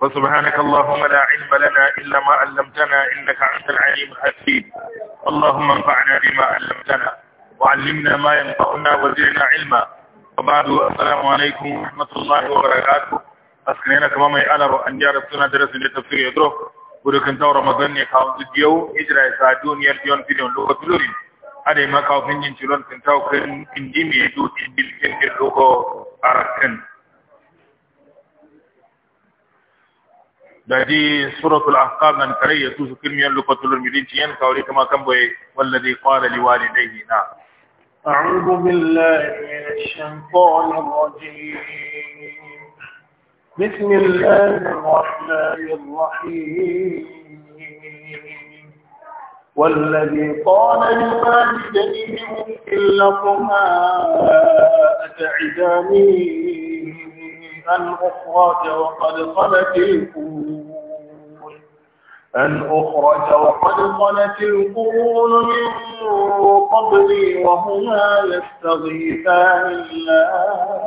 وسبحانك اللهم لا علم لنا إلا ما علمتنا إنك أنت العليم الحكيم اللهم انفعنا بما علمتنا وعلمنا ما ينفعنا وزدنا علما وبعد السلام عليكم ورحمة الله وبركاته أسكنينا كما ما يألر أن يارب سنة درس لتفسير يدرو ولكن دور رمضان يكاو زديو إجراء سادون في فيديون لغة تلورين هذا ما كاو فنجين تلون كنتاو كن إنجيمي يدو إنجيل كنجيل لغة أركن دادي سورة الأحقاب نان كري يسوس كلميان لقتل المدينتين كولي كما كمبوي والذي قال لوالديه نا نعم. أعوذ بالله من الشيطان الرجيم بسم الله الرحمن الرحيم والذي قال لوالديه إن لكما أتعداني أن أخرج وقد خلت القرون أن أخرج وقد خلت القرون من قبلي وهما يستغيثان الله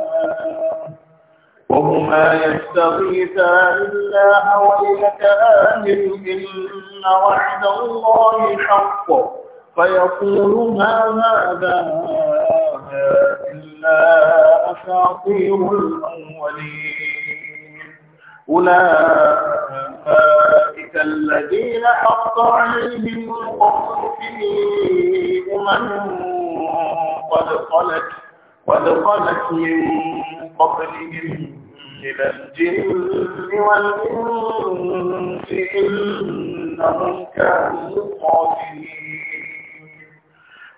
وهما يستغيثان الله ويلك آمن إن وعد الله حق فيقول ما هذا هذا إلا أساطير الأولين أولئك الذين حق عليهم القول في أمم قد خلت قد خلت من قبلهم من الجن والإنس إنهم كانوا خاسرين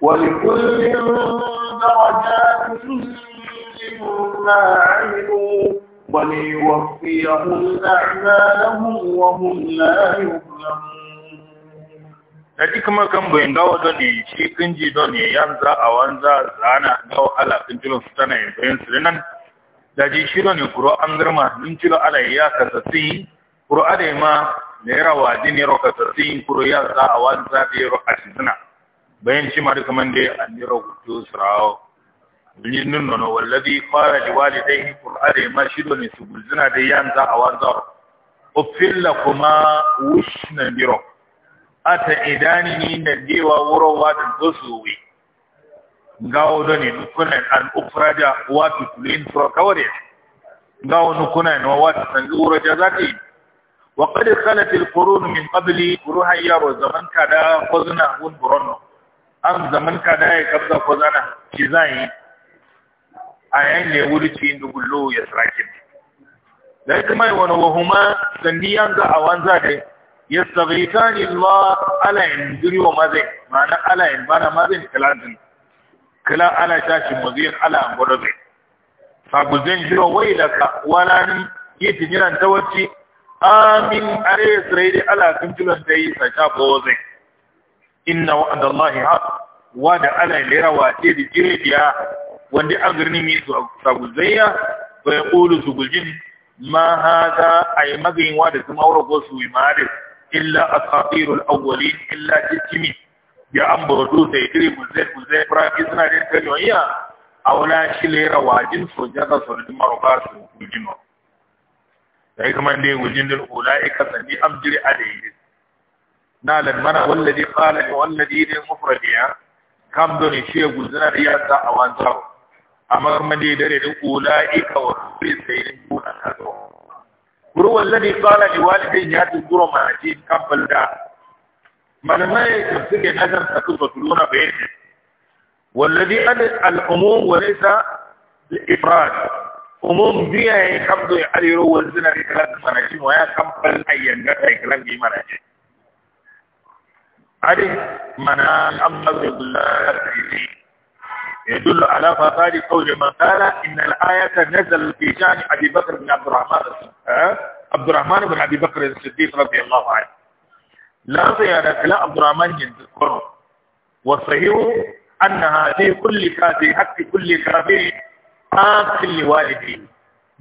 ولكل درجات مما عملوا وليوفيهم أعمالهم وهم لا يظلمون da kuma kan bayin gawa don ne shi kinji don ne yanza a wanza zana gawa ala kin jilo stana yin bayin su nan da ji shi don ne kuro an girma nin jilo ala ya kasasi kuro ada ma ne rawa din ne ro kasasi kuro yanza a wanza da ro asizna bayan ci mari kamar da annira kuto sirawo linin nono wallazi dai liwalidayhi qur'ana ma shido ne su gulzina da yanza a wanza ufilla kuma wushna biro ata idani ni da wuro wa da dosuwi ngawo da ne dukkanin an ufraja wa tutulin sura kawai ngawo nukunan wa wa tanzu wuro jazati وقد خلت القرون من kuru قرون يارو زمان كذا خزنا ون برونو am zaman ka da ya kabza ko zana ki zai yan ne wuri ci inda gullo ya sarakin da kuma wani wahuma sandiyan ga ya za dai yastaghithani ma ala indiri wa mazai, ma'ana ala in bana mazin kalajin kala ala tashi mazin ala gurabe fa guzin jiro wailaka wala ni yiti jiran tawacci amin are da ala jiran ta yi sa ta zai inna wa'adallahi ha wa da ala lera wa ce da jiriya wanda agirni mi su zaiya bai kulu su guljin ma a yi magayin wa da su maura ko su imare illa asatirul awwali illa jikimi ya an burdu sai diri buzai buzai firaki suna da a wani shi lera wajin so jaza so da maruka su ba. sai kuma dai guljin dul ulaika sani amjiri alayhi nalan mana wallazi qala li wallazi ne mufradiya kam do shi guzuna da ya sa awan sa amma kuma ne dare da ulaika wa rabbi sayyidin kuna kaso kuru wallazi qala li walidin ya tuduro ma ji kam balda malamai da suke nazar ta kuma tuluna bayani wallazi al-umum wa laysa al-ifrad umum biya ya kamdo ya aliro wanzuna da kalan sanashi wa عرف منان أمر الله يدل على فساد قول من قال إن الآية نزل في شأن أبي بكر بن عبد الرحمن عبد الرحمن بن أبي بكر الصديق رضي الله عنه لا زيادة لا عبد الرحمن يذكره وصحيح أنها في كل كافر حق كل كافر حق لوالده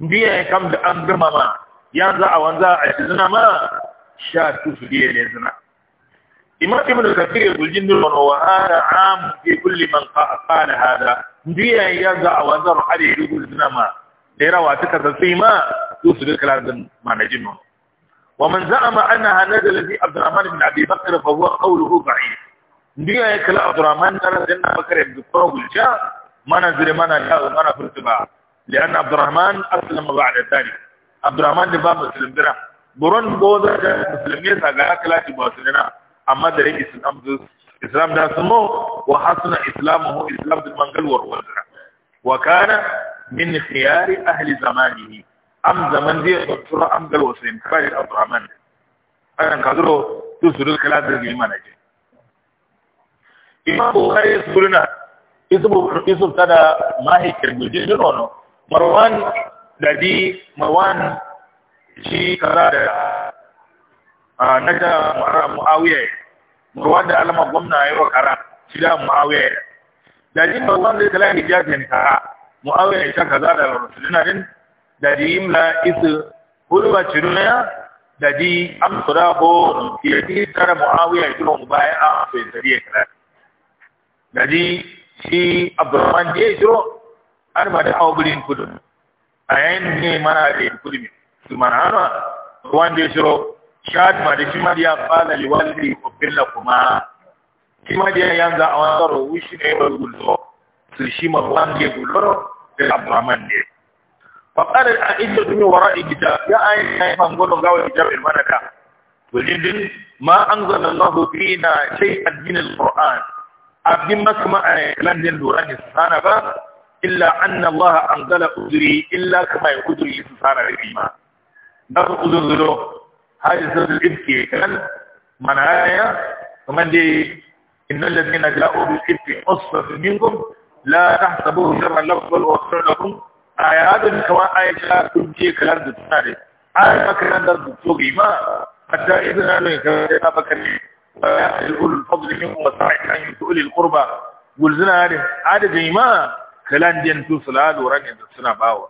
دي كم بأمر ماما a wanzu a yanzu na ma sha الزنا imam ibn kathir yaqul jindul wa hada am fi kulli man qala hada ndiya ya ga awazar hadi yaqul dinama da rawa ta kaza sai ma to su da kalan manajin no wa man za'ama annaha nazala fi abdurrahman ibn abi bakr fa huwa qawluhu da'if ndiya ya kala abdurrahman da dinna bakr ibn qawlul ja mana zire mana ya mana furtuba لأن عبد الرحمن أسلم بعد ذلك عبد الرحمن ده مسلم ده برون بوزا مسلم يسا غاكلا تبوسلنا amma da yin islam islam da su mo wa hasuna islamuhu islam da mangal warwara wa kana min khiyari ahli zamanihi am zaman dia doktora am gal wasin fari abdurrahman ayan su tu sudul kala da limana je imam bukhari sulna na isbu tada mahi kirguje no no marwan dadi marwan shi kara da Ah, na da muawiya wanda alama gwamna ya wa kara shi da muawiya da jin ba wanda ya lahi jafin ka muawiya ya kaza da rasulina din da ji imla isu hulwa ciruna da ji amsura ko ya ji kara muawiya ya kira bayan a sai tariye kara da ji shi abdurrahman ya jiro an ba da awbirin kudu a yayin ne mana da kudu su mana wanda ya shiro shadma da shimadiya kala liwalli ubbilla kuma shimadiya yanzu a wani tsaro wushi ne ba gullo su shi ma wange gullo da abraman ne faƙarar a inda tumi wara igita ya ayi na yi fangonon gawa hijab ilmanaka wajidin ma an zana Allah fi na shai addinin Qur'an abin masu ma'ana landin lura ne su sana ba illa anna Allah an illa kamai, kuduri, uzuri su sana da kima. Nasu uzurzuro hadisatul ifki kan manaya kuma dai innal ladina ja'u bil ifki usbatun minkum la tahsabuhu sharran lakum bal huwa khairun lakum ayatun kama ayata kun je kalar da tuna ne ai makaran da to gima hatta idan ne ka ta bakare al fadl minkum wa sa'i an yutul al qurba gulzina ne adadin ma kalan din to salatu ran da suna bawa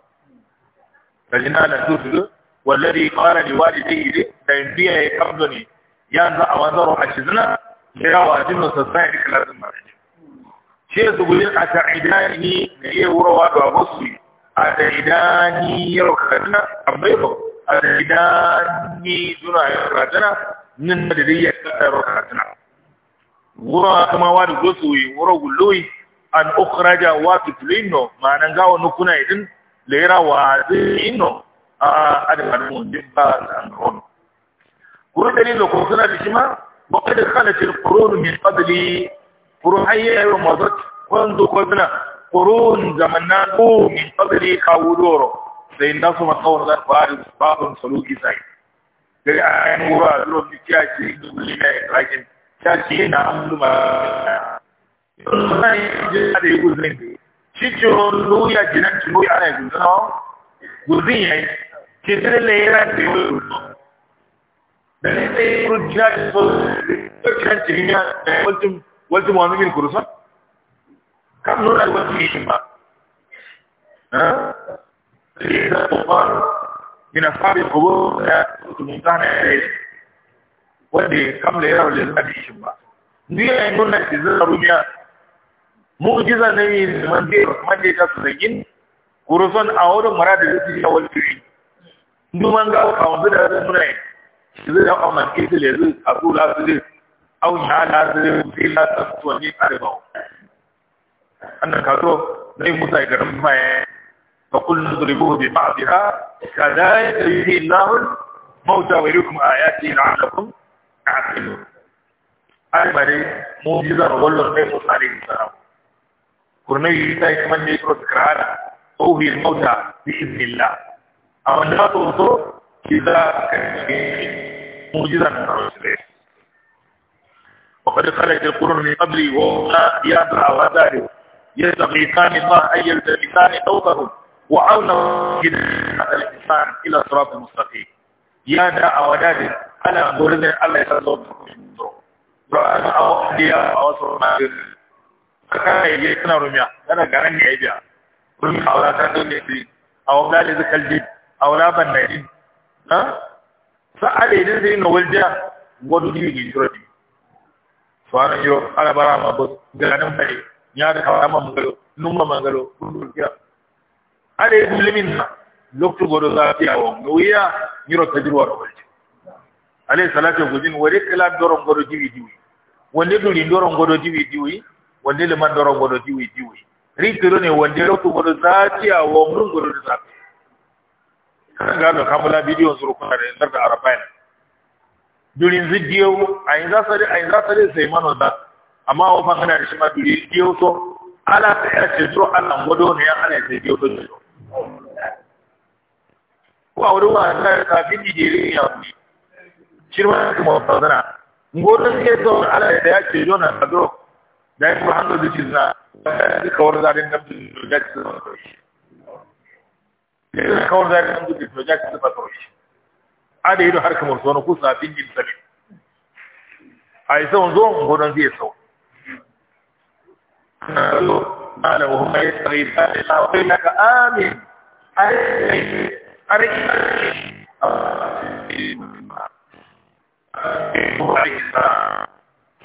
kajina da to والذي قال لوالديه لئن بي يقبضني يا ذا وانظر أشزنا يا واجب سسائل لازم مرحبا شيء لك أتعداني لي وروا بابصي أتعداني يرخدنا أبيض أتعداني دون يرخدنا من مدرية يرخدنا wura كما واد غسوي gosoyi wura gulloyi an ukhraja ما نغاو نكونا gawo ليرا idin lera أدب عنهم جبا الأمرون قرون دليل وقرصنا بشما وقد خلت القرون من قبلي قرون هي ومضت منذ قلنا قرون زمنا من قبلي خاولورو sai na su matsawar za su fara babin saluki sai gari a yayin wura a zuwa su ciya ce yi dubuli na yin rakin ciya ce yi na amluma yanzu na yi jina da yi guzin shi ce ruya jinan ciro ya ana yi guzin within kitne layer hai table ko bene pe kujja ko kitna chhinya table tum wal tum anugin kurusa kam no ra wat ni ma ha ye da par ina fabi ko wo ya tum jane hai wadi kam layer wal la di shi ma ni ya ngona kizara ruya mu kizara ne ni man de man de ta sugin kuruson a wurin mara da zai ya wani numan ga a wanzu da zai nuna zai da amman kitile zai a tura su zai au ya la zai zai la ta su wani arewa annan kaso na yi musa garin maye fa kullu dribuhu bi ba'dha yi yuhyi Allahu mauta wa Na ayati la'allakum ta'qilun ai bare mu'jizar wallahu ne musa alayhi salam yi. ta yi kamar ne ko kara وهي الموتى بإذن الله أو لا تنظر إذا كان موجزا من الرسل وقد خلت القرون من قبلي وهما يدعى وذلك يستغيثان الله أن يلتفتان صوتهم وعونه هذا الإنسان إلى صراط المستقيم يا داء وداد ألا أقول إذن الله يتزوجكم من رأى أو أحدي أو أصر ما فكان يجيكنا رميا أنا كان عبيا kun aura ta dole bi aura da zakalbi aura ban da ni ha sa'ade idan sai na walja godu ni gi jurati fara yo ala bara ma bo ganan bai ya da kawara ma mangalo ma mangalo kun dukiya. ale mulimin na lokto godo za ta yawo ngoya nyiro tajruwa ro walja ale salatu gudin wore kala doron godo jiwi jiwi wani duli doron godo jiwi jiwi wani le man doron godo jiwi jiwi rikiru ne wanda ya rautu gudu a wa wurin gudu da zafi kan gano kamula bidiyon surukuna da yanzu da arabain durin zidiyo a yin asali a yin asali sai mano da amma wa fan da shi ma durin zidiyo to ala ta a ce to Allah gudu ne ya ala sai diyo to diyo wa wuri wa ta kafin nijeriya ya fi shirma kuma fazana ngodon ke to ala ta ya ce jona kadro da ya fi hannu da shi na kawar zarin nan project da shi ne kawar har kamar sono safin din sabi ai sai zo gudun zai sau قال وهم يستغيثان الله ويلك آمين أرئي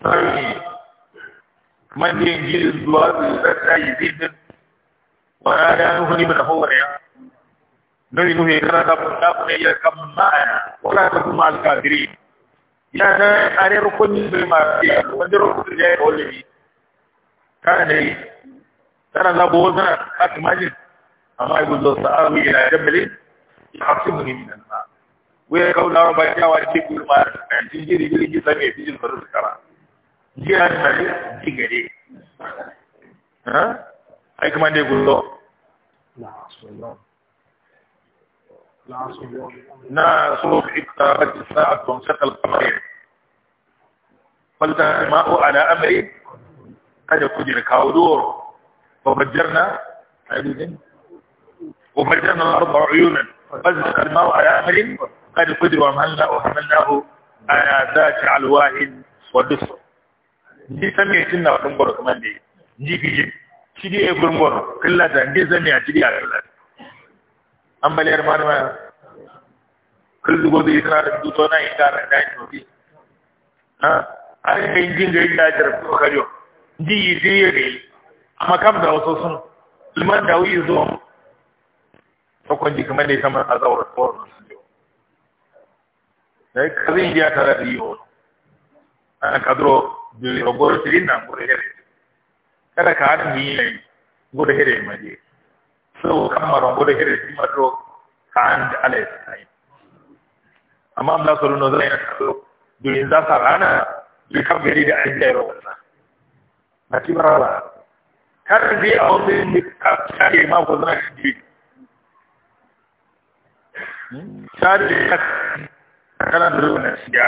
أرئي man de ngir duwa bi da tay bid wa ada no ni ma ho re no ni no he kana da da ne ya kam ma wala ta kuma al kadri ya da are ro ko ni be ma ti ko de ro ko je ho le ne kana da bo za ka ma ji amma ibu do sa a mi ina da ya hasu ni ni na wa ya kaula ba ya wa ti ku ma ji ji ji ji ta ne ji ji ko ka jihar mare digare ha ai kuma dai gullo na so ita wata sa'a tun sakal kamar falta ma'u ala amri kada ku jira kawo doro fa fajjarna ayyukan وفجرنا الأرض عيونا فأزلق الماء على أمر قد قدر ومهلنا وحملناه على ذات علواه ودفر ndi sami tinna wadun goro kuma ndi ndi fiji shidi e gurin goro killata ndi sami a shidi a killata an baliyar ma ma kullu gobe ita da duto na ita da dai to bi ha ai kai jin ga ita da ko kajo ndi yi ji yi amma kam da wasu sun liman da wuyi zo ko kun ji kamar ne kamar azawar tsoron su dai kazin ya tare da yiwo an kadro jogo sirinna gure here kada ka ni gure here maje so kamaron gure here ti mato kan ala sai amma Allah sallallahu alaihi wasallam za rana bi kan gari da an wannan na a wani ne ka kare ma ko shi kana na shiga,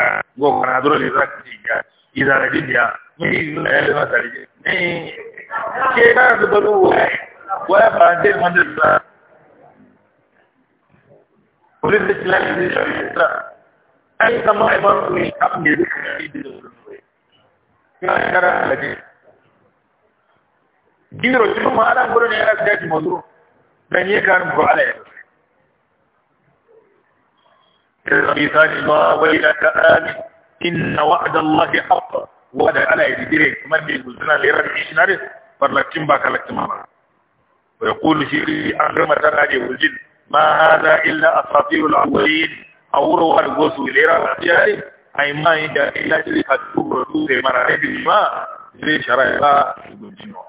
ne za ka shiga. ìdàrẹ̀dì bíà ní ìlú ẹ̀rọ àtàlẹ́jẹ́ ní ṣé báyà tó gbọ́dọ̀ wọ ẹ̀ wọ́n yà bá dé mọ́tò ìgbà oríṣi ti láti ṣe ìṣòro ìṣòro ayé sọmọ ẹ̀bọ́n mi káfíń lè rí kàrà ìdí lọ́wọ́ kí wọ́n kára àtàlẹ́jẹ́ giro shi kuma ana gurin yana gaji mazo dan yi kan ko ala ya Rabbi sani ma wai da ka ani إن وعد الله حق وعد على يدري من يزنا ليرد إشنار فرلتم باك لتماما ويقول شيري أنرم تناجي وجد ما هذا إلا أساطير الأولين أو روح الغسو ليرى الأسياري يعني أي ما إذا إلا شري حدوب رسول من رجل ما زي شرائبا يبنجنوا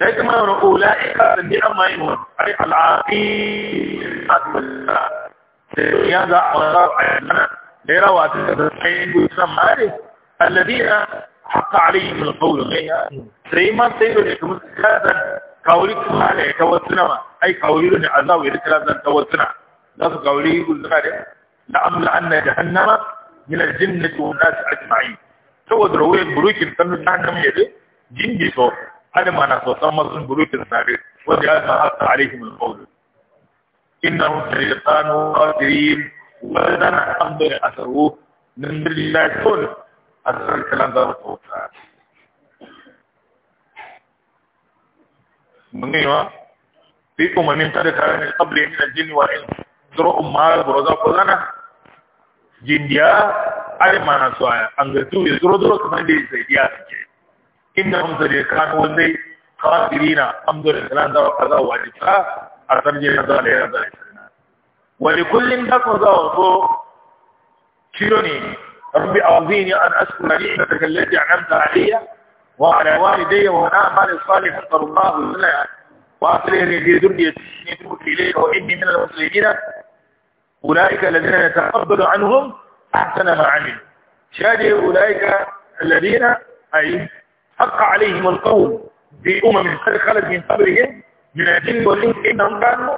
لكن ما أولئك الذين ما يمون أي العاقين هذا يدع وصار عيننا إيروا تسعين سماري الذين حق عليهم القول سيما سيدو لكم سيادة قولي كمالي كوتنا أي قولي لن عذاوي لكلازا كوتنا نفس قولي يقول ذلك لأمل أن جهنم من الجنة والناس أجمعين سوى دروي بروك الفن جهنم يدي جنجي سو هذا ما نصو سمصن بروك الثابت وجاء ما حق عليهم القول إنهم شيطان قادرين wani zana an bai a sarwo na na tol a tsarar kalan zama kauta. Mungaiwa, ne kabri yana jini wa yin zuru umma da buruza ko jindiya ayi mana suwa an ga tuwe zuru zuru kamar da zai suke. Inda hamsa da ya kano wanzai kawai birina hamsa da kalan zama kaza wajibta a sarjiyar zama da ya zai ولكل لفظ وضوء شيرني ربي أعوذيني أن أشكر نعمتك التي أنعمت علي وعلى والدي وعلى أعمال الصالح أكبر الله لنا وأصلحني في ذريتي إني تبت إليك وإني من المسلمين أولئك الذين نتقبل عنهم أحسن ما عملوا شادي أولئك الذين أي حق عليهم القول بأمم قد خلت من قبلهم من الجن والإنس إنهم كانوا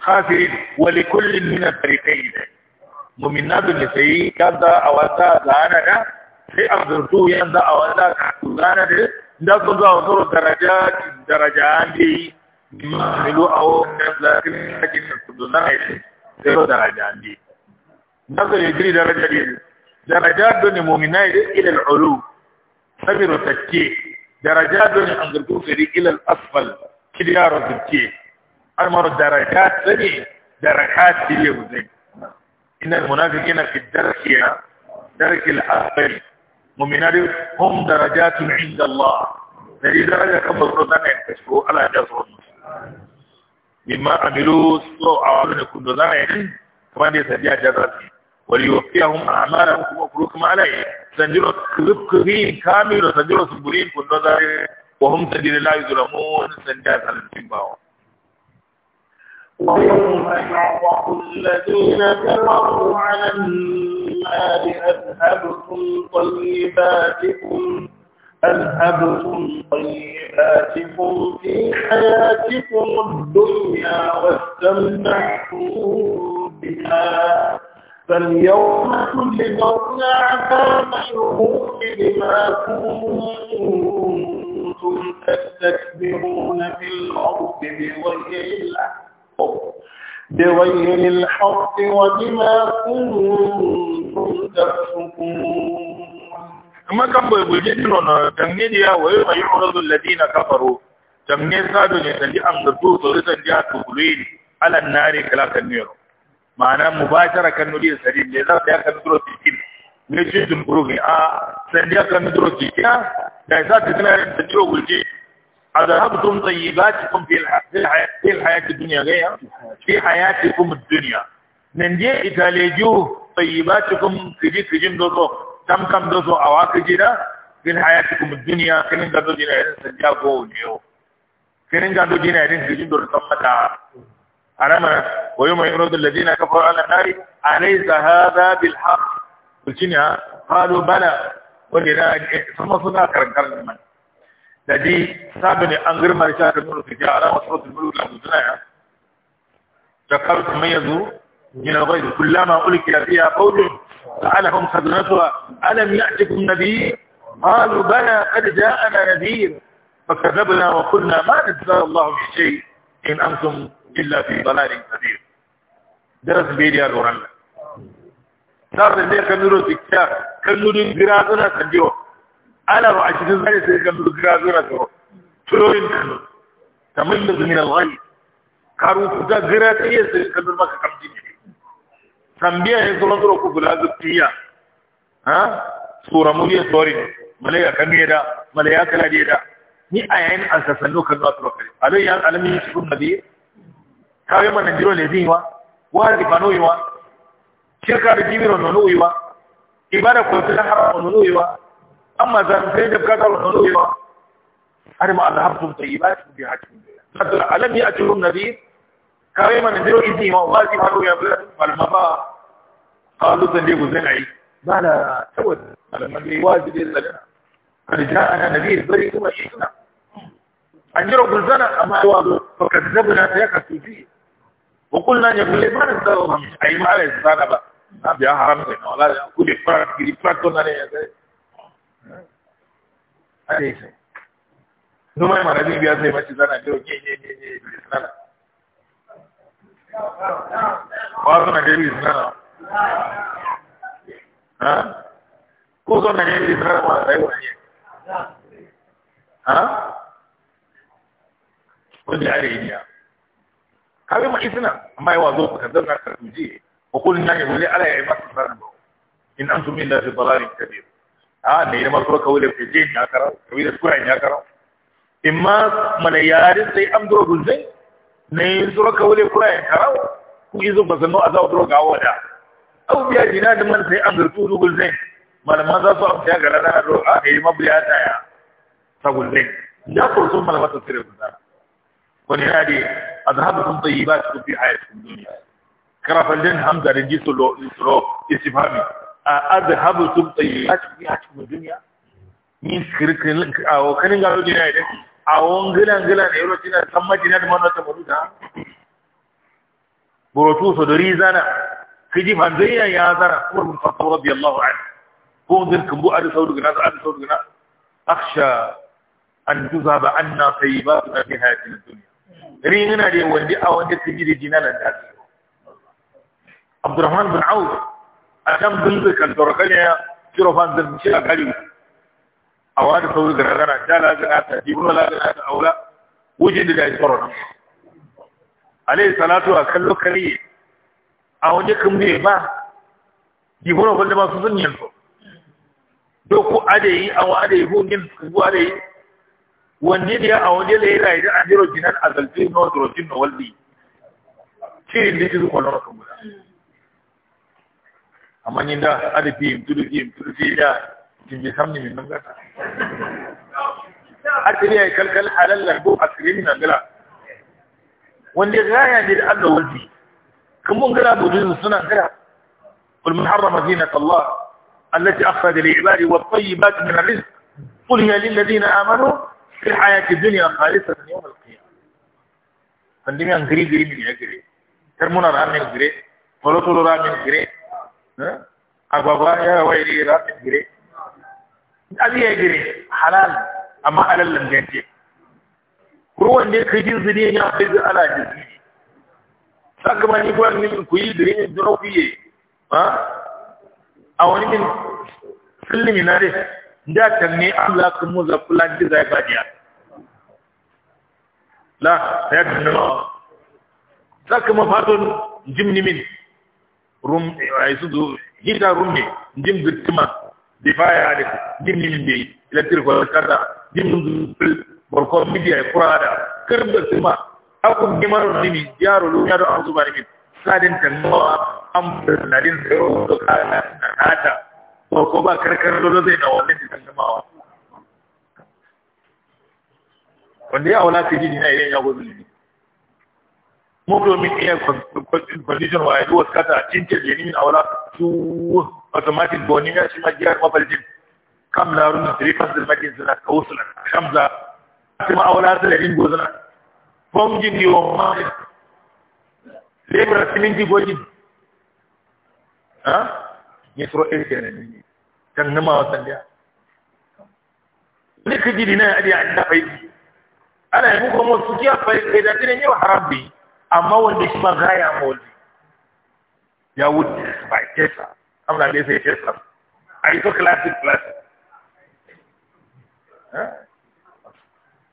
خاطر ولكل من الفريقين مؤمنان بالنسي كذا او ذا غانا في عبد الرضو يندا او ذا غانا دي ندا كل ذا وصول درجات درجات دي ما ملو او نزل لكن لكن عبد الله ايش ذو درجات دي نزل يدري درجه دي درجات دون مؤمنين الى العلو صبر وتكيه درجات دوني عبد الرضو الى الاسفل كده يا أمر درجات ثانية دركات هي وزي إن المنافقين في الدرك يا درك الأسفل مؤمنين هم درجات عند الله هذه درجة قبل رضانا ينكشفوا على جسر مما عملوا سوء عوامل كل ذلك كمان يسجع جسر وليوفيهم أعمالهم وفروكم عليه سنجروا كذين كامل وسنجروا سبورين كل ذلك وهم سجل لا يظلمون سنجاز على الجنباوة ويوم يعرض الذين كفروا على النار أذهبتم طيباتكم أذهبتم طيباتكم في حياتكم الدنيا واستمتعتم بها فاليوم تجزون عذاب الهون بما كنتم تستكبرون في الأرض بغير الحق بغير الحق وبما كنتم تفسقون kuma kan bai bulje dino na tamne da yawo ya bayi uradu alladina kafaru tamne sado ne da an da to to da ya to bulin ala nare kala kan ne ma'ana mubashara kan nuri sari ne za ta kan duro cikin ne ce dum burugi a sai ya kan duro cikin da za ta tana da to bulje أذهبتم طيباتكم في الحياة في الحياة الدنيا غير في حياتكم الدنيا من ننجي إتاليجو طيباتكم كجي كجين دوزو كم كم دوزو أواك جينا في حياتكم الدنيا كنين قدو جينا إذن سجاكو نيو كنين قدو جينا إذن كجين دور سمتا أنما ويوم يعرض الذين كفروا على النار أليس هذا بالحق قلت قالوا بلى ولنا ثم صدق كرم كرن da dai sabini an girma da shakar nuna su ja alama sautin bulu da mutuna ya da kawo kuma yanzu gina bai da kullama ulki da fiya kaulun da alam ya cikin nabi قالوا بلى قد جاءنا نذير wa وقلنا ما نزل الله من شيء إن أنتم إلا في ضلال كبير درس بيدي الوران صار ذلك نورو تكتا كنورو غرازنا سنجيو ana ba a cikin zai sai ga zuka zura ka turoyin ka ta da zumin al karu ku gira ta iya sai ka zuba ka kamji tambiya ya zuwa zura ku bula zutiya ha ya muliya sori malaya kamiya da malaya kala da ni a yayin alkasanno kan zuwa turoka alayya alamin shi kun nabi kawai mana jiro ne zai wa wa fano yi wa shirka da jimiro nono yi wa ibada ko ta haramu nono yi wa أما إذا كان بكثرة انا حرم أذهبتم في بحجم الله ألم يأتهم نذير كريما نذير إذي وغازي قالوا يا بلد فالمضاء قالوا تنجيب زنعي ما لا تود لما الا لنا قد جاءنا نذير بريء وشيكنا أنجروا بالزنا أما أواضوا فكذبنا فيكسوا فيه وقلنا أن يقول ما نستوهم أي ما عليه الزنا بقى أبي أحرمنا ولا كل إفراد كل إفراد كنا نيجي adesso domani ma la Bibbia se faccio sana devo chiedere niente sana quando non chiedi sana ah cosa non chiedi sana ma dai vuoi Ko ah ya yi ne kawai ma isna amma yawa zo ka zauna ka tuje wa kullun ya yi wuli ala ya yi masa sana in antum illa fi dalalin kabir ah me ne mako ka wule fije ya karau ka wile kura ya karau imma mana yari sai am duro gunze ne zuro ka wule kura ya karau ku izo bazan no azau duro ga wada au biya dina da man sai am duro tudu gunze malama za su am ya garada ro a me ma biya ya ta gunze ya ko sun malama ta tire gunza ko ne radi azhabukum tayyibat fi hayatid dunya kara fa den hamza rijisu lo isro istifami a azhabu subtayi a cikin a cikin duniya yin kirkirin a kanin gano jina idan a won gilan gilan da yaro tina san majina da manata maduda Burotu so dari zana kiji fanzayya ya zara kuma mun fasu radiyallahu anhu ko zin kumbu a da sauri gina a da sauri gina aksha an tuza ba an na sai ba su ɗafi na duniya ringina da wanda a wanda kiji da jina nan da abdurrahman bin auf can bunzi kan ya kirofan da shi a gari a wani sauri da ragara ta lagana ta ibnu lagana ta aura wujin da ya tsoro alayhi salatu wa kallo kare a wani kan bai ba ibnu wanda ma su sun yanzu doku adayi a wa adayi hungin su adayi wanne da ya a wani da ya rayu da ajiro a azalfi na wasu rojin na walbi shi ne da ya zuwa na wasu guda amanyiinda ali piyim tudu piyim tudu fiya tinje samni min nangata asiri ay kalkal halal la go asiri min nangala wanda gaya ne da Allah wani kuma gara budin suna gara قل من حرم زينة الله التي أخرج لعباده والطيبات من الرزق قل هي للذين آمنوا في الحياة الدنيا خالصة يوم القيامة فندمي أن غري غري من يجري ترمونا رامين غري ولو تلو رامين غري agwagwa ya waye ne za ta gire abi ya gire halal amma halal langance ruwan ne ka jin zuri ya fi zai ala jiki sakamakon ni kuwa ni ku yi zuri ne zuwa ku yi a wani min filimi na dai da ta ne an za mu za kula ji zai fajiya la ya dinna sakamakon fatun jimni min rum ay eh, sudu hita rumbe ndim gittima di faya de ndim nim be ila tir ko kata ndim dum bor ko midi ay qurada kerbe sima aku gimaro dimi jaro lu yado an zubari min sadin tan mo am nadin zero to kana nata bor ko ba karkar do do zai da wannan din kamawa wanda ya wala fiji dina idan ya gobe ne مبلغ من ايه condition واحد هو سكتا تنتج يمين او لا شو اوتوماتيك بونيا شي ما جاء قبل جد كم لا رن في فصل المجلس لا توصل خمسه ما اولاد لين جوزنا فوق جدي يوم lebura siminti goji ha ni furo irke ne ni kan nama wasan dia ne kaji dina adi an da fai ala yi ko mo sukiya da dina ni haram bi amma wanda shi ma gaya ma ya wuce ba kesa amna ne sai kesa a yi so classic classic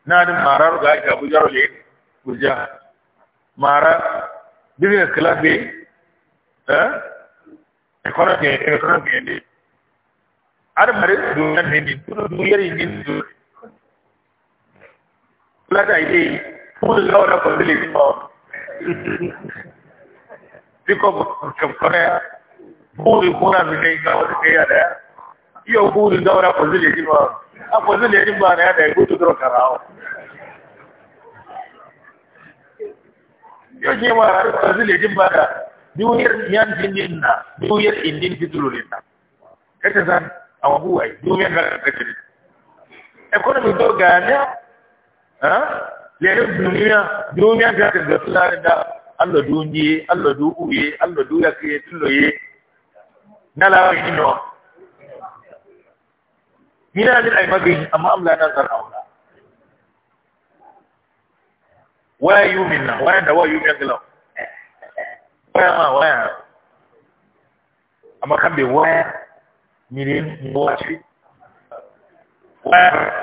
na ni mara ga ake abuja role guja mara business class ne economy economy ne ar mare duniyar ne ne duniyar yin duniyar kula da ide kuma da lawa na kwanzili kuma Diko kamfaya burin kuna su kai ga wani kai da yau burin daura a da jin ba a kwanzu da jin a na yada ya gutu duro karawo. yo ke ma har kwanzu da jin ba da duniyar yan jinin na duniyar indin fitulolin na. Kata san a wahuwa duniyar na kakacin. Ekonomi to gane? Ha? Yayin duniya lẹ́yìn dúníà dúníà gàdé gàdúrà Allah alọ́dún yé Allah òye alọ́dún yàkẹ́yẹ tìlọ́yé Na yìí nọ. Mina ne ai magani amma Allah na tsara aula. Waya yumin na waya da waya min galau. Waya ma waya. Amma kan bai waya mire ne waya Waya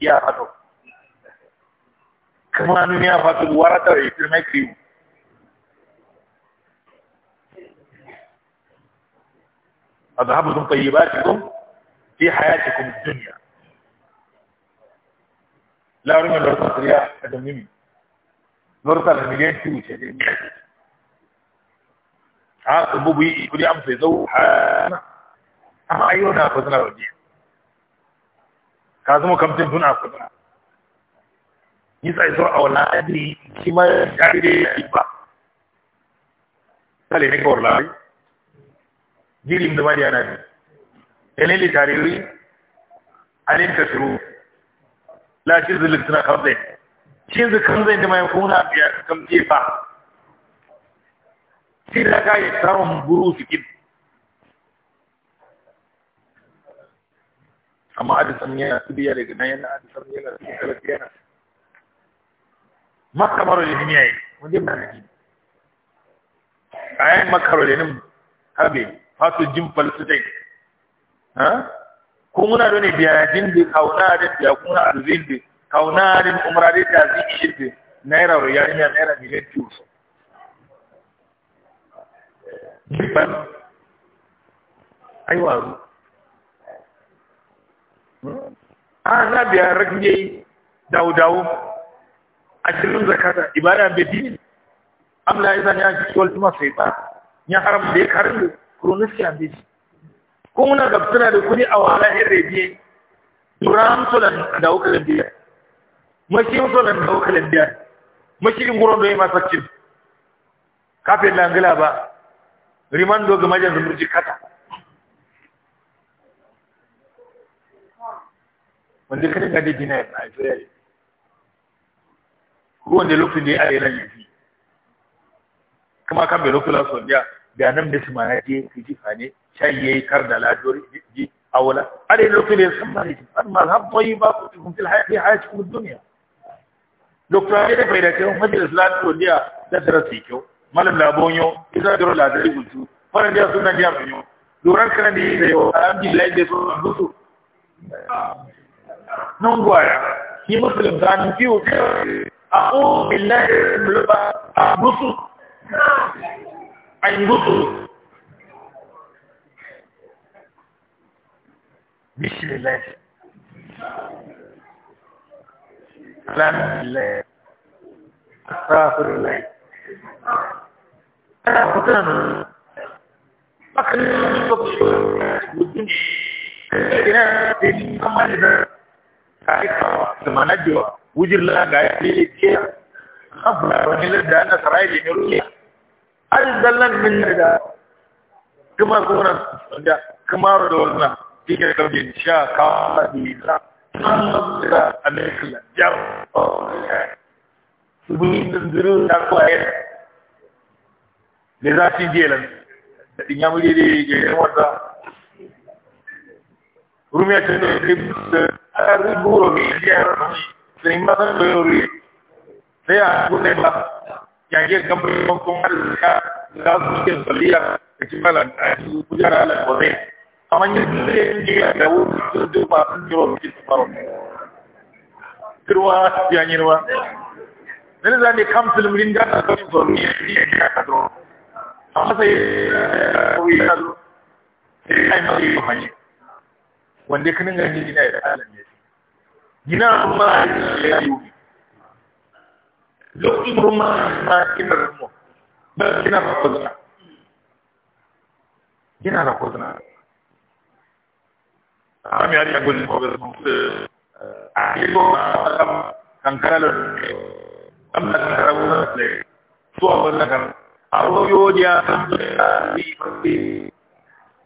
ya fato kama nu ya fato warata e firme kriu أذهبتم طيباتكم في حياتكم الدنيا لا أرمي لورطة سريعة أدممي لورطة المليان تيوش عاقب بوبي يقول يا أمسي زوحة أما أيونا أخذنا رجيع ka zama kamfin tun a kudura yi tsaye so a wala ne shi ma ya fi da ya ba tsale ne kawar lari jirin da mariya na ne yanin da tariri alin ta shiru lashin zulun suna kamzai shi yanzu kamzai da mai kuna biya kamfai ba shi da ka yi samun buru su kidu amma adisan yana biya daga nan yana adisan yana cikin talafi yana makamaro da duniya yi wajen na naji a yayin makaro da nan habe fasu jin falsitai ha ko muna da ne biya jin da kauna da biya kuna arzin da kauna da umra da ta zai shi da naira ne yarinya naira miliyan biyu Jibban, aiwaru, a ah, na biya rakin yayi dawo dawo ashirin zakata ibada bai dini amla ya zani a cikin waltuma sai ba ya haram da ya karin da kronisiya bai ci ko muna gabtuna da kudi a wala yin rabiye duran solan da wuka lambiya mashi solan da wuka lambiya mashi in gurin da ya masa cin kafin langila ba rimando ga majalisar murji kata ಒಂದು ಕಡೆ ಗಂಡಿದ್ದಿನ ಆಯ್ತು ಹೇಳಿ kowane lokacin da ya are nan yafi kuma kan bai lokula son ya da nan da sima ya je ki jifa ne shayi yayi kar da ladori ji awala are lokacin da ya san mai an ma har boyi ba ku cikin fil hayati hayati ku duniya dokta ya bai da kai majalis ladori dia da yi kyau malam labonyo idan daro ladori gutu fara da sunan dia duran kan da yau alhamdulillah da so gutu nungwaya yi musulun zanen wuce. a ƙo'o billahi mulba a musu a yi musu bismillah alhamdulillah astaghfirullah ana fatan bakan yi musu ina da yi amma kaikawa da manajewa wujirla ga ya fi kiya abra wani da na sarai da nuriya an zallan min da kuma kuma A'a kuma da wannan cikin kabin sha kawa da ita sannan da amerika ya su bi da zuru da kwaye da za su je lan da din ya muri da yayin wata Rumiacendo il riburo che da da da ta so ne ne ka tsaro. Amma sai ya wanda kan ga ni da alam ne gina amma ya yi lokacin rumma ma kina rumma ba kina ba kuzna kina da kuzna am ya ya gudun ko ga mun a yi ko kan kala amma kan rabu ne so abun kan a royo ta san da ni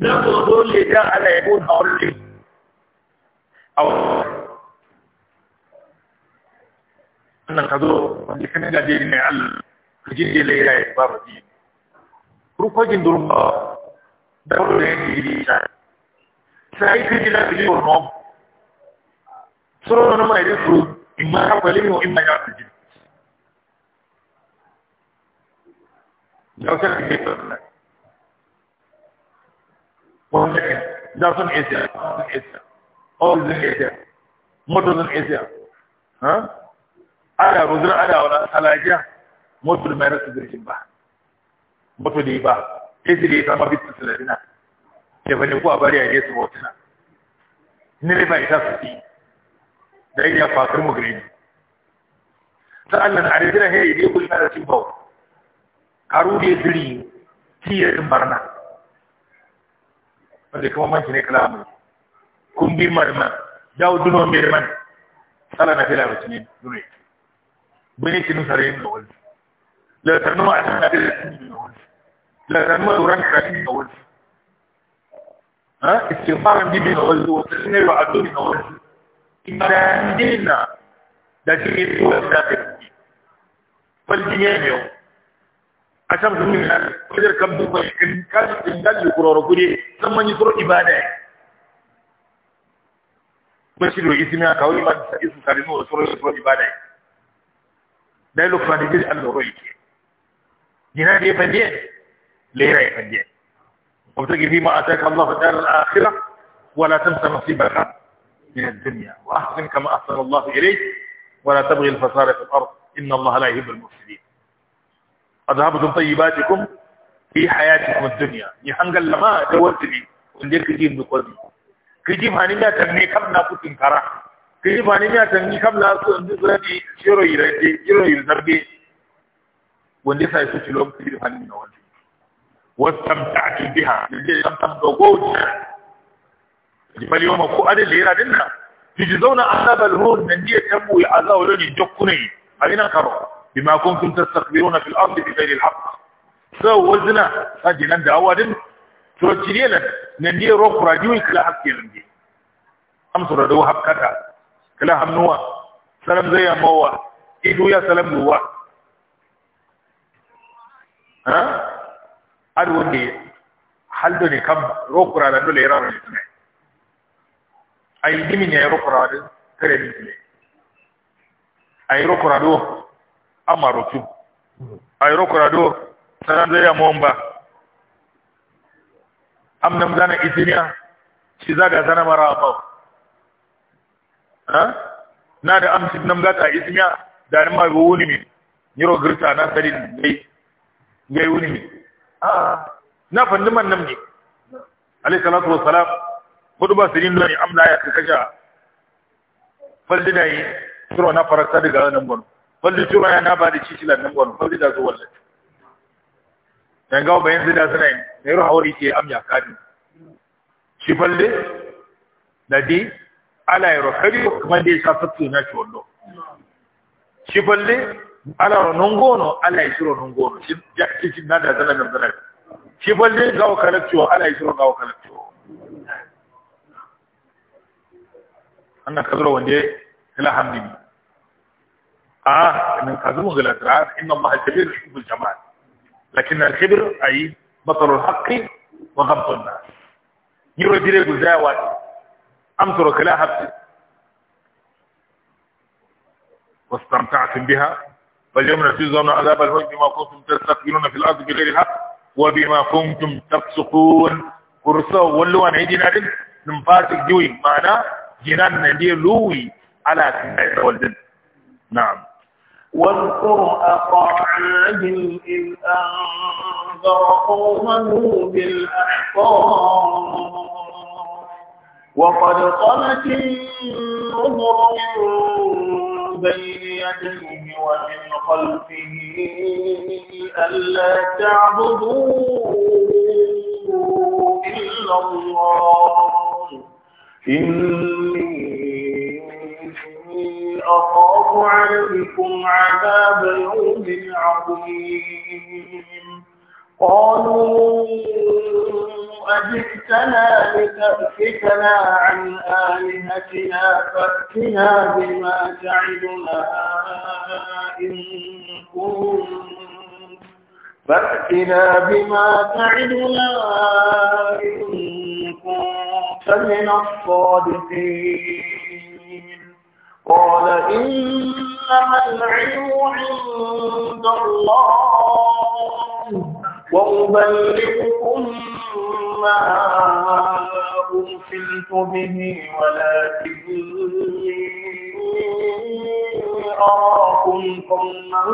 na ku zo shekar ana yabo da wani a wannan ka zo wani kan gaje ne Allah ka jirge laira ya ba rabi rukogin durum ba da wani ne ji ta sai ka ji da ji wannan sura na mai da ma ma one second. Asia. That's Asia. All Asia. Ada mai rasu girgin ba. Motor da yi ba. Asia da ya sama bitin salarina. Ke bane kuwa bari a yesu hotuna. Ni ne bai ta su ci. Da ya fakar mu gari. Sa'annan a rijira hei ne kullum da cin bau. Karu ne diri, ciye barna. wanda kuma man ne kala kun bi marma daw duno mir man sala na fila rutini dure bune kinu sare no wal la tanu ala na fila la tanu duran kali no wal ha istighfaran bi bi no wal wa tsine wa adu no wal imran dinna da shi ne da ta wal dinne ne asham sun min kajar kabdu ba in kaji in dalli kuroro kuje san man yusuru ibada mashi do ismi aka wani ma sa isu kare no suru yusuru ibada dai lo fa digi Allah roi ke dina dai fa dai lera fa dai وابتغي فيما اتاك الله في الدار الاخره ولا تنس نصيبك من الدنيا واحسن كما احسن الله اليك ولا تبغي الفساد في الارض ان الله لا يحب المفسدين azhabtum tayyibatikum fi hayatikum ad-dunya ni hangal lama da wantini wanda kiji mu kwazi kiji mani ya tanne kam na kutin kara kiji mani ya kam na su an zura ni shiro yirade shiro yirdarbe wanda sai su ci lokaci da hannu na wanda wastamta'tu biha da kan tabbago فاليوم كو ادي ليرا دينا تجزون عذاب الهون من دي تبو يعذاب لني جكني ابينا كرو بما كنتم تستكبرون في الأرض بغير الحق سو وزنا هذه نند أولا توجيه لك نندي روح راجوي كلا حق يلندي أم سورة دو حق كتا كلا هم نوا سلام زي موا إدو يا سلام نوا ها أدو دي حل دوني كم روك راجوي ليرا رجوي أي دمين يا روك راجوي كريم أي روح راجوي a Marocco a do sanan zai ya Mwamba am nam zana Itiniya shi zaga zana mara ba ha na da am shi nam gata Itiniya da ni ma go wuni mi niro girta na sari dai yayi wuni mi n'a na fandin ma nam ne ale salatu salam hudu ba sirin do ne am na ya Fal faldina yi suro na sadi daga nan bono falli tura ya na ba ci cici nan gwanu falli da zuwa lannan dan gawo bayan da suna yin ne ruwa wuri ke amya kadi shi falli da di ala ya rokari kuma dai sa sattu na ci wallo shi falli ala non gono ala ya shiro non gono shi ya ci na da zana gardana shi falli gawo kalakciwo ala ya shiro gawo kalakciwo annan kazuro wande ila hamdini. اه من كذوب الأسرار إن الله كبير يحب الجمال لكن الكبر أي بطل الحق وغمط الناس يرو ديري غزاوات أمطر كلا واستمتعتم بها فاليوم نفسزون عذاب الهول بما كنتم تستقبلون في الأرض بغير الحق وبما كنتم تفسقون كرسو ولو أن عيدنا دل نمفاتك جوي معنا جنان ندير لوي على سنة والدن نعم واذكر أخا عاد إذ أنذر قومه وقد خلت النظر بين يديه ومن خلفه ألا تعبدوا إلا الله إني أخاف عليكم عذاب يوم عظيم قالوا أجئتنا لتأفكنا عن آلهتنا فأتنا بما تعدنا إن كنت فأتنا بما تعدنا إن كنت من الصادقين قال إنما العلم عند الله وأبلغكم ما أرسلت به ولكني أراكم قوما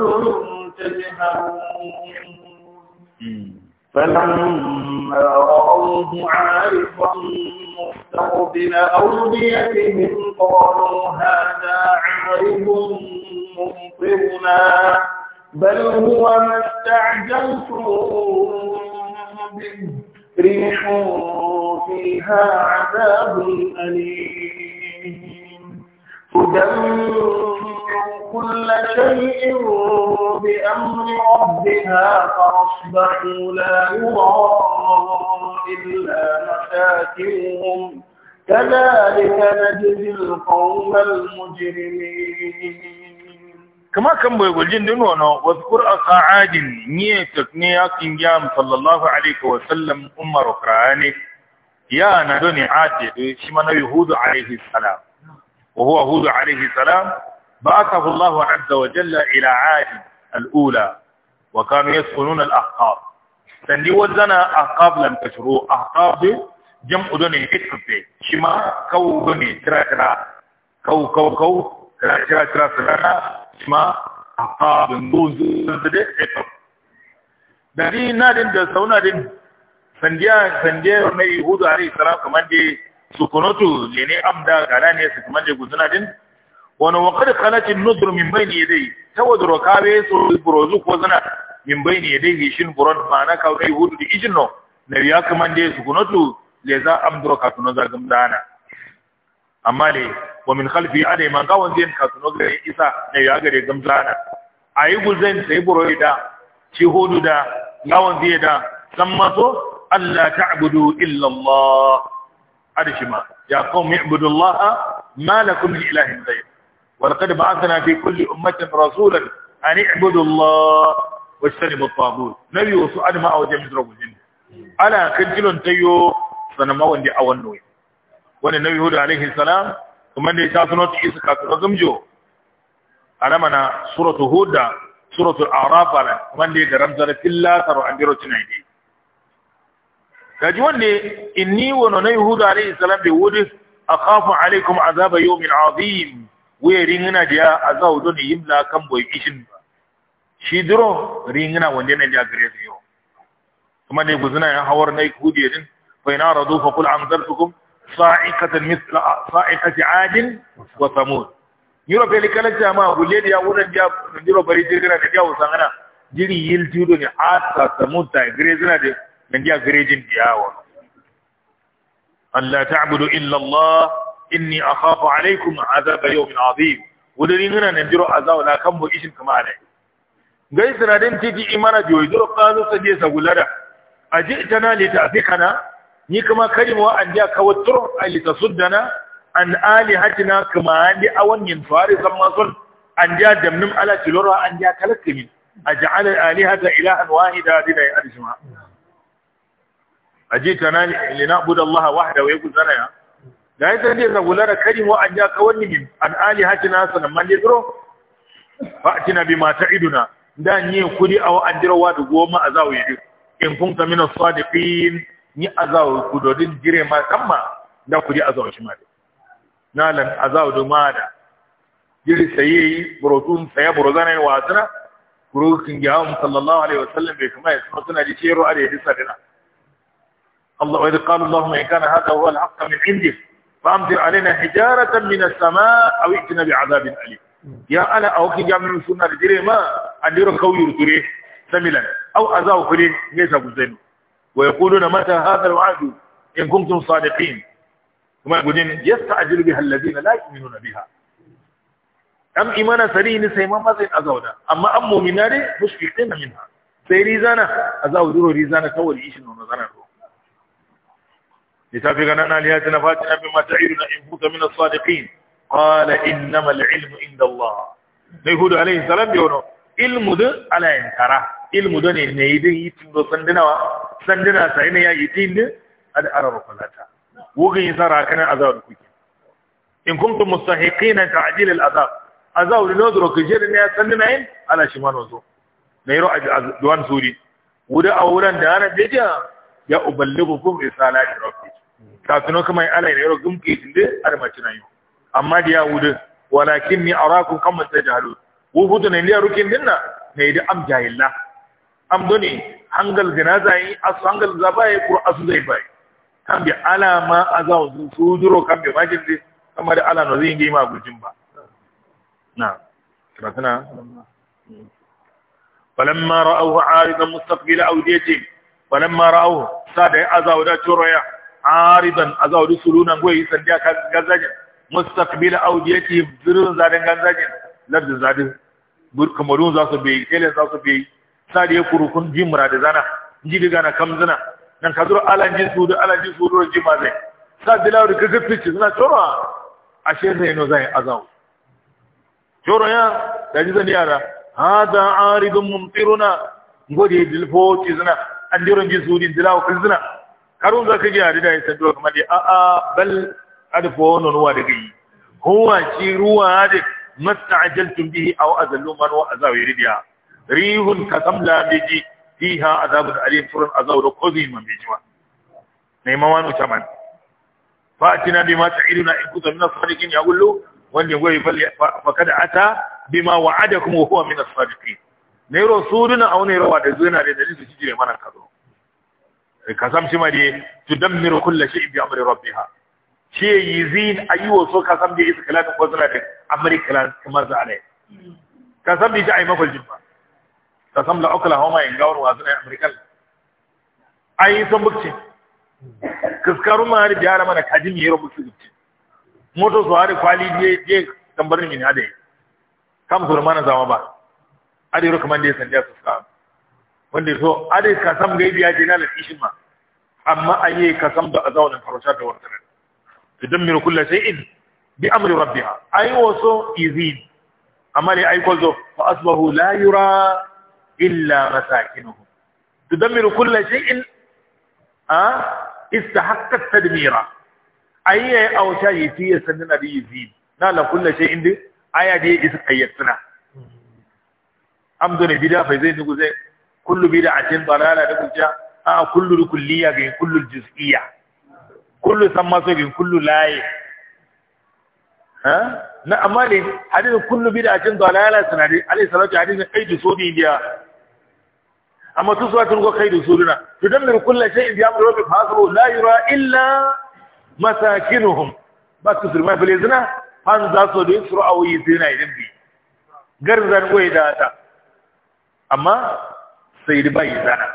تجهلون فلما رأوه عارفا مستقبل أوديتهم قالوا هذا عارف ممطرنا بل هو ما استعجلتم به ريح فيها عذاب أليم تدمر كل شيء بأمر ربها فأصبحوا لا يرى إلا مساكنهم كذلك نجزي القوم المجرمين كما كان بيقول جند نونو واذكر أخا عاد نيتك نياك جام صلى الله عليه وسلم أمر كراني يا ندوني عاد شمن يهود عليه السلام وهو هود عليه السلام بعثه الله عز وجل إلى عاد الأولى وكانوا يسكنون الأحقاب تندي وزنا أحقاب لم تشروا أحقاب جمع دوني إتفة شما كو دوني ترا ترا كو كو كو ترا ترا ترا ترى شما أحقاب دون نزد إتفة دني نادن دسونا دن سنديا سنديا من يهود عليه السلام كمان دي sukunutu lene amda gara ne su kuma je guzuna din wani wakar kalatin nudur min bai ne dai ta wadro kabe su burozu ko zuna min bai ne dai hishin buron ma na kawo dai hudu da ijin no na biya kuma ya sukunatu le za amdro ka tuno zagum dana amma ne wa min khalfi adai man gawan zai kasuno tuno ga isa na biya ga dana a ayi guzen sai da ci hudu da gawan zai da zan maso Allah ta'budu illallah. أرشما يا قوم اعبدوا الله ما لكم من إله غير ولقد بعثنا في كل أمة رسولا أن اعبدوا الله واجتنبوا الطاغوت نبي وسوء أنا ما أوجه من رب الجنة أنا كنجل تيو سنما وندي أول نوي wani nabi hudu alaihi salam kuma da ya sha suna ta isa kafin zamjo alama na suratu huda suratu arafa na kuma da ya garamta da filla saro an biro tunai ne kaji wanne inni wa nana yuhudu alayhi salam bi wudi akhafu alaykum azaba min azim wuya ringina ya azau don yimla kan boy ishin shi duro ringina wanda ne a gare su yau kuma ne guzuna ya hawar nai kudi din bai na radu fa qul kum sa'ikatan misla sa'ikati adin wa samud yuro pele kala jama gulle ya wurin dia jiro bari jirgina da wusa usangana jiri yil do ne hatta samud ta gare zina da من جاء جاوه أن لا تعبدوا إلا الله إني أخاف عليكم عذاب يوم عظيم ودلين هنا ننجروا عذاب لا كم هو إشن كمانا جايس نادم تيجي إيمانا جوي دور قالوا سجيه سقول أجئتنا لتأثقنا نيكما كريم وأن جاء كوتر أي لتصدنا أن آلهتنا كما عندي أول من فارس المصر أن جاء دمنم على تلورا أن جاء كلك أجعل الآلهة إلها واحدة دينا يا أرجمها na ajitana linabudu Allah wahdahu yakun sanaya da yadda ne ragulara wa an ya wani min an ali na sanan man yadro fa'tina ma ta'iduna da ni kudi aw wa dugo goma azawu yi in kunta min as-sadiqin ni azawu kudodin jire ma kamma da kudi azawu shi ma na lan azawu do ma da jiri sayi burutun saya burzana wa asra kurukin ya sallallahu alaihi wasallam bai kuma ya suna ji shero alaihi sallallahu الله وإذ قال اللهم إن كان هذا هو الحق من عندك فأمطر علينا حجارة من السماء أو ائتنا بعذاب أليم يا أنا أو كي جامل سنة لتري ما أندير كوي رتري سملا أو أزاو فري ليس بزين ويقولون متى هذا الوعد إن كنتم صادقين ثم يقولون يستعجل بها الذين لا يؤمنون بها أم إيمانا سريه سيما ما زين أزاونا أما أم مؤمنة مشفقين منها سيريزانا أزاو دور ريزانا كوالي إيش ونزانا رو لتابقنا أن آلهتنا فاتنا بما تعيدنا إن كنت من الصادقين قال إنما العلم عند الله نيهود عليه السلام بيقولوا علم ده على إن ترى علم ده نيهد يتين دو سندنا سندنا سعينا يا يتين ده هذا أرى رفلاتا وغي سارا كان أزاور كوكي إن كنتم مستحقين تعجيل الأذاب أزاور نودرك جرنا سندنا على شمان وزو نيرو دوان سوري وده أولا دانا بيجا ya uballighukum risalati rabbi kafin kama yi ala yaro gumke tinde armacina yo amma dia wudu walakin ni arakum kama tajahalu Wu futu ne liya rukin dinna ne da am jahilla am doni hangal jinaza yi as hangal zabai qur asu zai bai kan bi ala ma azaw sujuro kan bi majin di amma da ala no zai yi ma gujin ba na ratana فلما رأوه عارضا مستقبل أوديتهم فلما رأوه سادة أزاودا شريا aridan azawri sulunan goyi sandiya ka ganzaje mustaqbil audiyati zurun zadan ganzaje ladda zadin bur kamarun za su bi kele za su bi sadi ya kurukun jimra da zana jidi gana kamzina nan kadur alan ji su da alan ji su ji ma zai sadi lawri kaga fice suna choro ashe zai no zai azaw choro ya da jizan yara hada aridun mumtiruna ngode dilfo tizna andiron din dilaw kizna karu za ka gyara da ya sadu kamar da a'a bal arfa wani ruwa da gai huwa ci ruwa da masta'ajaltum bihi a azallu man wa azaw yuridiya rihun kasamla biji fiha azabun alim surun azaw da kozi man biji wa ne ma wani a fatina bima ta'iduna in kusa min as ya qullu wanda ya goyi bal fa kada ata bima wa'adakum wa huwa min as-sadiqin ne duna a wani rawa da zuwa da dalilin su jire mana kazo ka sam shi made tudammiru kulli shay'in bi amri rabbiha shi yizin ayyo so ka sam da iskalatin kwazala da amri kalan kamar za alai ka sam bi ai makul jibba ka sam akla oklahoma in gawar wa ne amrikal ai so bukci kaskaru ma har biya mana kajin yi ro bukci bukci moto so har kwali je je tambarin min hada kam zurmana zama ba adiro kamar da ya sanja su sa'a wanda so ade ka sam gaibi ya je na la ishin ma amma ayi ka sam da azawun farasha da wartar tudammiru kullu shay'in bi amri rabbiha ay waso izin amma ne ay kozo fa asbahu la yura illa masakinuhum tudammiru kullu shay'in a istahaqqat tadmira ayye aw shayi fi sanin abi yazid na la kullu shay'in di aya dai isa kayyatsuna amdo ne bida fa zai nugu zai kullu bid'atin dalala da kuja a kullu kulliya bi, kullu juz'iyya kullu samma so bi, kullu laye ha na amma ne hadin kullu bid'atin dalala sanadi alayhi salatu hadin kai da so ne dia amma su suwa tun go kai da suruna to dan mir kullu shay'in ya amru bi fasabu la yura illa masakinuhum ba su firma filizina han za su da yusru awi zina idan bi garzan goyi da ta amma sai riba yi zana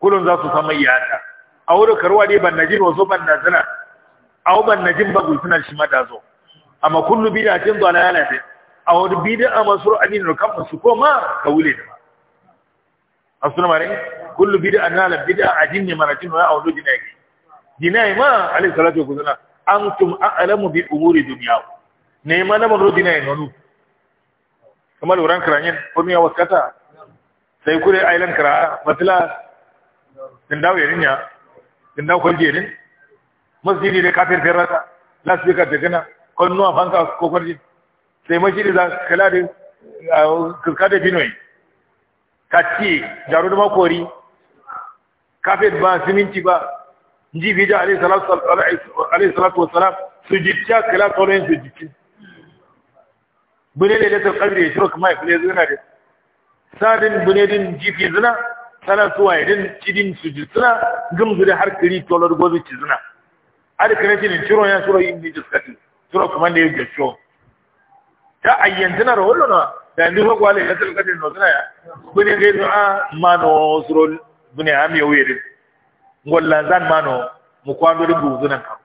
kullum za su samu yata a wurin karuwa dai ban najin wasu ban nazina a ban najin bagul suna shi ma da zo amma kullu bidatin dalala ne a da a masu addinin kan su koma ka wule da a suna mare kullu bid'a nala a ajin ne maratin wa a wani jinai jinai ma alayhi salatu wa sallam antum a'lamu bi umuri dunyaku ne ma lamar dinai nonu kamar wuran karanin ko ya waskata sai kure ailan kara matila tindaw yerin ya tindaw ko jerin masjidi de kafir ferrata la sika de gana kon no fanka ko korji sai masjidi da kala de kirka de binoy kacci daru da makori kafir ba siminti ba jibi da alayhi salatu alayhi salatu wassalam sujidta kala tolin sujidti bune da da kadri shirk mai kule zuwa da sadin bunedin jifi zina sana suwaidin cidin su ji suna gumzude har harkari tolar gobi ci zina da kana tin ciro ya suro jijis kati suro kuma da ya gasho ta ayyantina ro na da yanzu ho gwale ya tilkati no zina ya bunin ga zo a ah, mano suro bunin am ah, yo yedin gwalla zan mano mu kwando da buzunan ka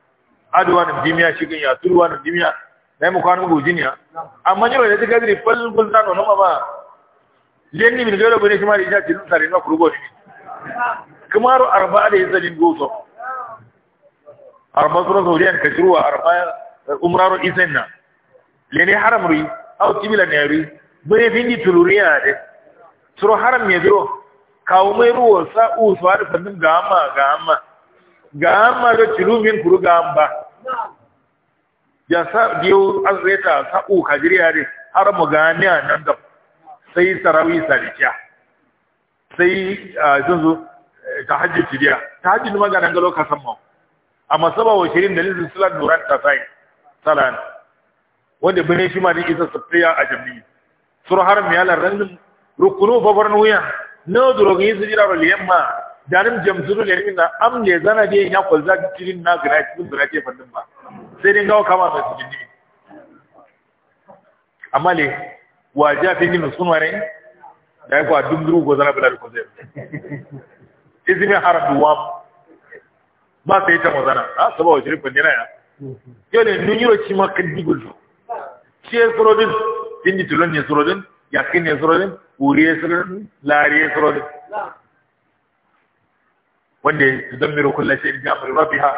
aduwa na dimiya shigin ya turuwa na dimiya na yi mu kwano ya. amma yau da ta gabiri falgul zano na mama Lenni min dole bane kuma ina tilu tare na kurgo shi ro arba da yazalin goso arba sura zuriyan kashruwa arba eh, umraru isenna lene ri au ne ri bane findi tuluriya de suro haram ne biro kawo mai ruwa u suwa da fannin gama gama gama da tilumin kuru gamba ya sa biyo azreta sa u kajiriya de har mu gani a nan da sai sarawi sarikiya sai sun ah, zo eh, ta hajji tiriya ta hajji numa ga dangalo ka san mawa amma saba wa shirin da lizin sulan nuran ta sai salan wanda bane shi ma ne isa safiya a jami sura har mi ala rangin rukunu babar nuya na ga yi jira rol yamma danim jamzuru ne na am ne zana dai ya kwalza cikin na gara cikin gara ce fannin ba sai dai gawa kama masu cikin amma ne wa ja fi kin sunware da ko dum duru ko zana bilal ko zai Izimi haradu wa ba ita ta mazana a sabo wa ko dina ya yone nun yiro ci ma kan digul ci surodin tin di tulon ne surodin yakin ne surodin uriye surodin lariye surodin wande tudammiru kullu shay'in bi amri rabbiha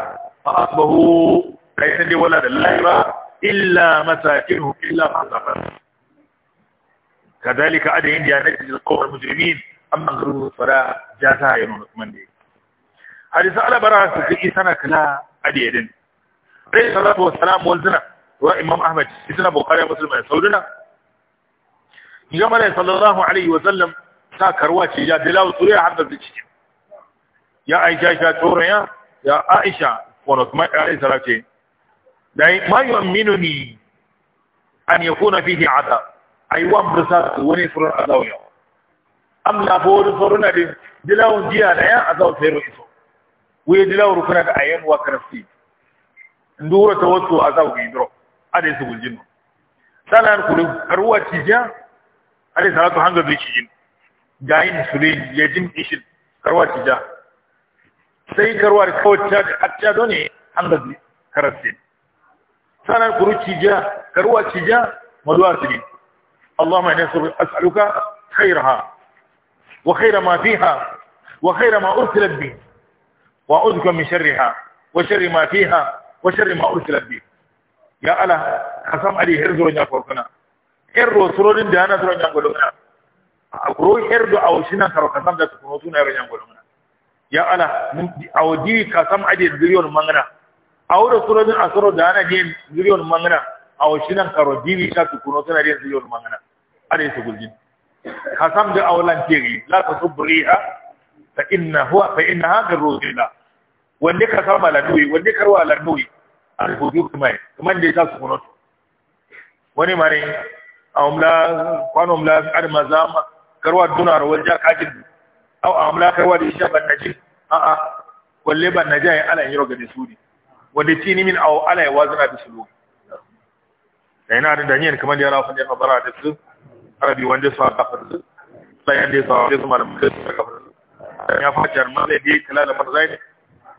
fa asbahu laysa li walad la illa masakinu illa ma كذلك أدى إنديا نجد القوم المجرمين أما غروب فلا جازا ينون من دي هذه سألة براس في إيسانة كلا أدي إدن عليه الصلاة والسلام والزنا وإمام أحمد سنة بخاري ومسلم يسولنا يوم صلى الله عليه وسلم ساكر واتي يا دلاو سوريا عبد الجيم يا عائشة يا توريا يا عائشة ونص ما عليه الصلاة ما يؤمنني أن يكون فيه عذاب aiwa sa wani furun azaw ya amna fo wani furun ade dilawun jiya na ya azaw sai ro iso we dilawun kuna da ayyan wa karfi ndura ta wato azau ga idro ade su guljin sanan kulu karwa tija ade salatu hanga bi cijin gayin, sulin yajin ishin karuwa, cijiya. sai karwa da kawai ta acca done hanga bi karfi sanan kuru cijiya, karwa cijiya, maduwa sulin اللهم إني أسألك خيرها وخير ما فيها وخير ما أرسلت به وأعوذك من شرها وشر ما فيها وشر ما أرسلت به ya ala ka sam ali her zoro nya kokona her ro soro din dana zoro nya golona akro her do awshina karo ka sam da ko tuna ro nya golona ya ala awdi ka sam ali zuriyon mangana awro soro din asoro dana din zuriyon mangana awshina أليس قلت حسمد أولا تيري لا تصب ريها فإنه هو فإنها من روز الله wanda ka sama landoyi wanda ka ruwa landoyi a rubutu kuma kuma da ta sa su kunotu wani mare a umla kwano umla arma zama karwa dunar wajen kajin au a umla karwa da isha ban najin a a walle ban naja ya ala yiro ga da su ne wanda ci ni min au ala ya wazina da su da yana da daniyar kamar da yara kun da da su arabi wanda su aka farzu bayan da su aka farzu malamin da su aka farzu ya fa jarma da kala da farzai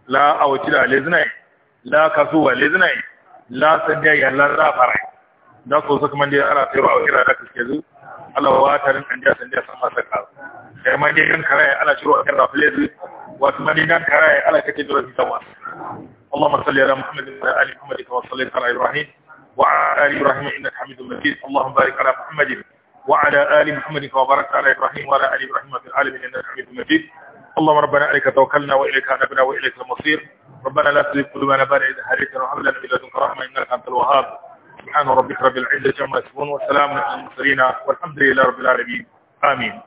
la awci da lezinai la kasu wa lezinai la sanya ya la za farai da su suka man dai ara sai ba kira da kake zu Allah wa tarin an da san masa ka sai man dai kan kare ala shiru akan rafle wasu man dai kan kare ala kake jira fi tawa اللهم صل على محمد وعلى ال محمد كما صليت على ابراهيم وعلى ال ابراهيم انك حميد مجيد اللهم بارك على محمد وعلى آل محمد وبارك على إبراهيم وعلى آل إبراهيم في العالمين إنك حميد مجيد اللهم ربنا عليك توكلنا وإليك أنبنا وإليك المصير ربنا لا تزيد قلوبنا بعد إذا هديتنا وهب لنا من لدنك رحمة إنك أنت الوهاب سبحان ربك رب العزة جمع يصفون وسلام على المصرين والحمد لله رب العالمين آمين